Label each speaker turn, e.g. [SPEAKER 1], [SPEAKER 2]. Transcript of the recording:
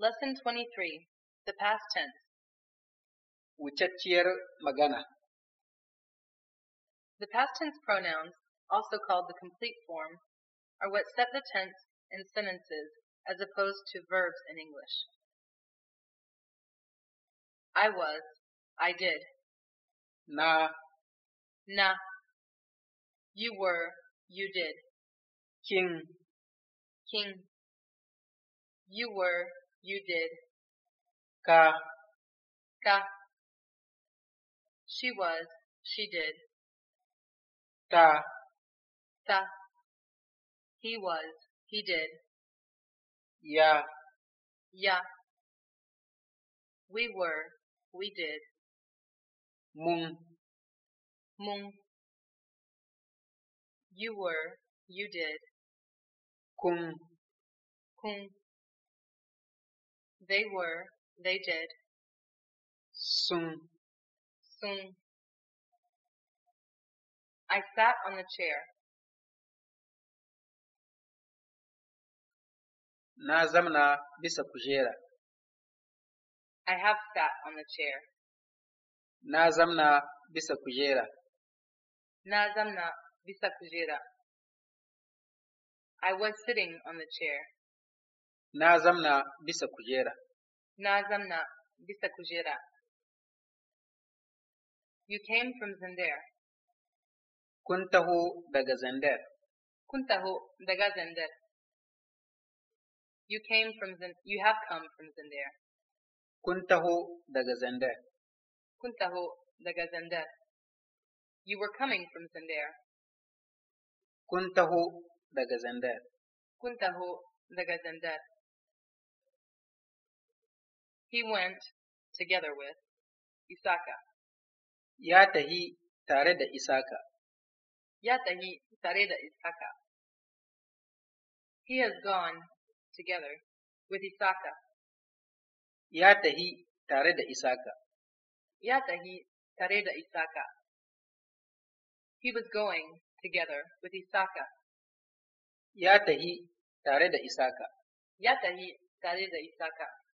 [SPEAKER 1] Lesson 23 The Past Tense Wucacciyar Magana The past tense pronouns, also called the complete form, are what set the tense in sentences as opposed to verbs in English. I was, I did. Na. Na. You were, you did. King. King. You were, you did. Ka. Ka. She was. She did. Ta. Ta. He was. He did. Ya. Ya. We were. We did. Mung. Mung. You were. You did. Kung. Kung. They were. They did. Sont. Sont. I sat on the chair. Na zamna bisa kujera. I have sat on the chair. Na zamna bisa kujera. Na zamna bisa kujera. I was sitting on the chair. Na zamna bisa kujera. Nazamna, You came from Zender. Kuntahu daga Zander. Kuntahu daga You came from Zender. You have come from Zender. Kuntahu daga Kuntahu daga You were coming from Zender. Kuntahu daga Kuntahu daga he went, together with, Isaka. Ya tahi tare da Isaka. Ya tahi tare da Isaka. He has gone, together, with Isaka. Ya tahi tare da Isaka. Ya tahi tare da Isaka. He was going, together, with Isaka. Ya tahi tare da Isaka. Ya tahi tare da Isaka.